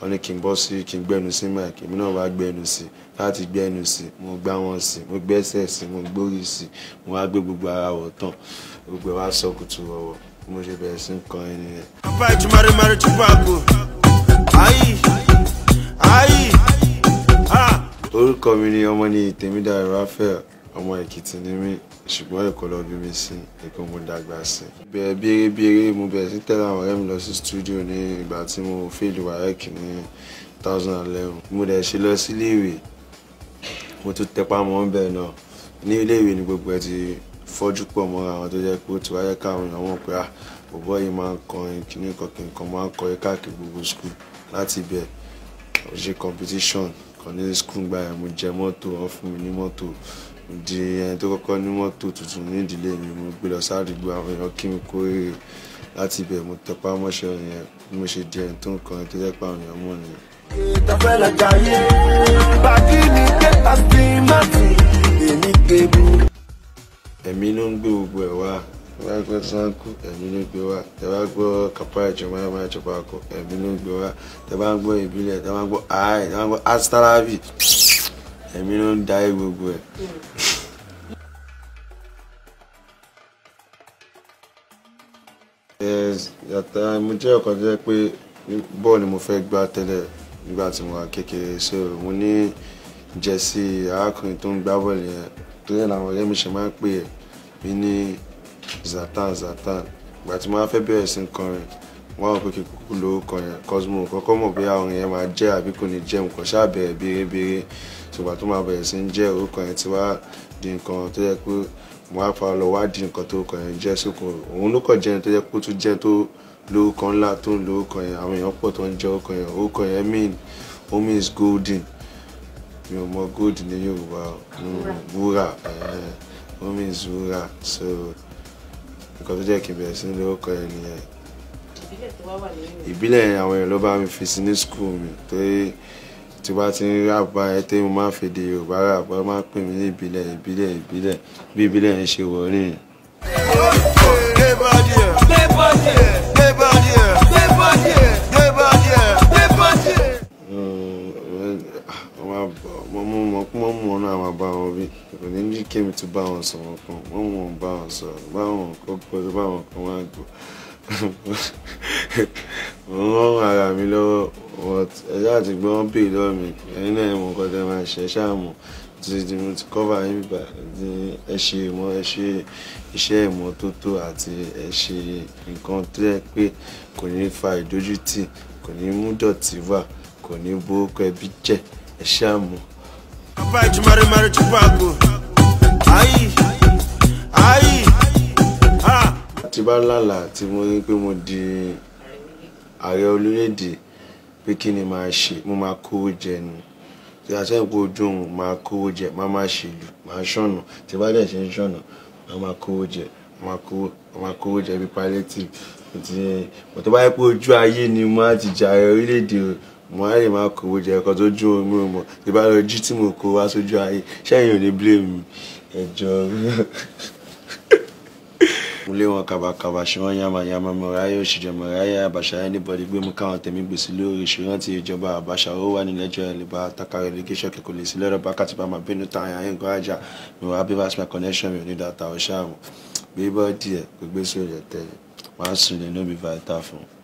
wọ́n ní kí n bọ́ sí kí n gbẹ́nu sí máa kí èmi náà wá gbẹ́nu sí láti gbẹ́nu sí mo gbá wọn sí mo gbẹ́sẹ̀ sí mo gbórí sí mo wá gbé gbogbo ara wọ̀ tán gbogbo wa sọ kùtù ọ̀wọ̀ bí mo ṣe bẹ̀rẹ̀ sí nǹkan ẹni yẹn. bàbá ìjì mari mari bá àgbo ayi ayi. orúkọ mi ni ọmọ ní tèmídàrú Raphael ọmọ èkìtì ni mí ṣùgbọ́n èkó lọ bí mi sí èkó mo dàgbà sí. bẹ̀rẹ̀ bèrèbèrè mo bẹ̀rẹ̀ sí tẹ̀lé àwọn ọ̀rẹ́ mi lọ sí studio ní ìgbà tí mo fèlè WAEC ní 2011 mo dẹ̀ ṣe lọ sí iléèwé mo tún tẹpá mọ́ bẹ́ẹ̀ náà ní iléèwé ni gbogbo ẹ ti fọ́jú pọ̀ mọ́ra àwọn tó jẹ́ pé ó ti wáyé káwọn èèyàn mọ̀ pé ah bọ̀bọ́ yìí máa ń kọrin kíní kọ̀kì nǹkan máa ń kọrin káàkiri gbogbo skul láti ibẹ̀ ó competition kan ní skul gbà yẹn mo jẹ mọ́tò wọn fún mi ní mọ́tò di ẹni tó kọ́kọ́ ní mọ́tò tuntun ní ìdílé mi mo gbé lọ sádùúgbò àwọn èèyàn kí mi kó èrè láti ibẹ̀ mo tẹpá mọ́ṣẹ́ yẹn bí mo ṣe di ẹni tó ń kọrin tó jẹ́ pé àwọn èèyàn mọ̀ nìyẹn. ìtọ́fẹ́ lọ́jà yé bàbí mi kẹta sí mọ́tì èmi kébù. ẹ̀mí ló ń gbé gbogbo ẹ̀ wá ẹ bá gbọ́ sanku ẹ̀mí ló gbé wá ẹ bá gbọ́ kapa ìjọba ìjọba kọ ẹ̀mí ló gbé wá ẹ bá gbọ́ ìbílẹ̀ ẹ bá gbọ́ àì ẹ bá gbọ́ astarabi èmi ló ń darí gbogbo ẹ̀. yàtọ̀ mo jẹ́ ọ̀kan jẹ́ pé bọ́ọ̀lù mo fẹ́ gbá tẹ́lẹ̀ nígbà tí mo wà kékeré so mo ní jẹ́sí arákùnrin tó ń gbá bọ́ọ̀lù yẹn tó yẹn làwọn ọ̀rẹ́ mi ṣe máa ń pè é mi ní Zlatan Zlatan ìgbà tí mo wá fẹ́ bẹ̀rẹ̀ sí ń kọrin wọ́n rò pé kí kúkú lo orúkọ yẹn cosmo kọ́kọ́ mọ̀ bóyá orin yẹn máa jẹ́ àbí kò ní jẹ́ nǹkan ṣáà bẹ̀rẹ̀ bérebére ṣùgbọ́n tó máa bẹ̀rẹ̀ sí ń jẹ́ orúkọ yẹn ti wá di nǹkan tó yẹ pé mo á fa lọ wá di nǹkan tó orúkọ yẹn jẹ́ sóko òun ló kọ̀ jẹ́ tó yẹ pé tó jẹ́ tó lórúkọ ńlá tó ń lórúkọ yẹn àwọn èèyàn pọ̀ tó ń jẹ́ orúkọ yẹn orúkọ yẹn mean omi is golden mi ò mọ gold ní Yorùbá wúrà omi wúrà so nǹkan tó jẹ́ kí n ìbílẹ̀ àwọn èèyàn ló bá mi fi sí ní skul mi pé tí bá ti ń rábà ẹ tẹ́ mo máa ń fèdè yorùbá rábà ẹ máa ń pè mí ní ìbílẹ̀ ìbílẹ̀ ìbílẹ̀ bí ìbílẹ̀ yẹn ṣe wọ̀ nìyẹn. wọ́n mú ọ̀nà àwọn bá bí kò ní ní kémi tó bá wọn sọ̀rọ̀ kan wọ́n mú wọn bá wọn sọ̀rọ̀ báwọn kọ́kọ́ tó báwọn kan wá gbọ́ mo ń rán ara mi lọ́wọ́ but ẹ̀dá àti gbọ́n pè lọ́wọ́ mi ẹ̀yin náà mo kọ́ tẹ́ máa ṣe ṣáàmù ti mo ti cover yín bíbá ẹ ṣe ìmọ̀ ẹ ṣe iṣẹ́ ìmọ́tótó àti ẹ ṣe nǹkan tó yẹ pé kò ní fa ìdójútì kò ní mú dọ̀tí wá kò ní bó kọ ẹbí jẹ ẹ ṣáàmù. bàbá ìjùmọ̀rẹ́mọ̀rẹ́ tó bá gbò ayé ayé tí bá lálàá tí mo rí pé mo di ààrẹ orílẹ̀-èdè pé kí ni màá ṣe mo máa kówó jẹ ni tí a sẹ́yìn pé ojú òun máa kówó jẹ máa máa ṣèlú máa ṣọ̀nà tí bá dẹ̀ ṣe ń ṣọ̀nà máa máa kówó jẹ máa kówó jẹ bíi palliative ti mo tó bá yẹ pé ojú ayé ni mo á ti jẹ ààrẹ orílẹ̀-èdè mo á lè máa kówó jẹ ẹ̀kọ́ tó ju omi mọ̀ tí bá lọ jí tí mo kó wá sójú ayé ṣẹ́yìn ò ní blame mi ẹ̀jọ̀ mi. kúnlé wọn kàbàkàbà ṣe wọn yamayama mọ̀ráyà òṣìṣẹ́ mọ̀ráyà àbàṣà anybody gbé mú káwọn tẹ̀mí gbèsè lórí ìṣèrántí ìjọba àbàṣà ó wà nílẹ̀ ẹ̀lẹ́bà àtàkà rẹ̀ lẹ́gẹ́sọ̀ lè sí lọ́dọ̀ bákàtí bá máa bínú tàn yàn ẹ̀ńkọ́ ajá mi wàá bí vast connection mi ò ní data ọ̀ṣà wọn bí bọ́ọ̀dì ẹ̀ gbégbé sórí ẹ̀ wàá sùn lè nóbi vital fún un.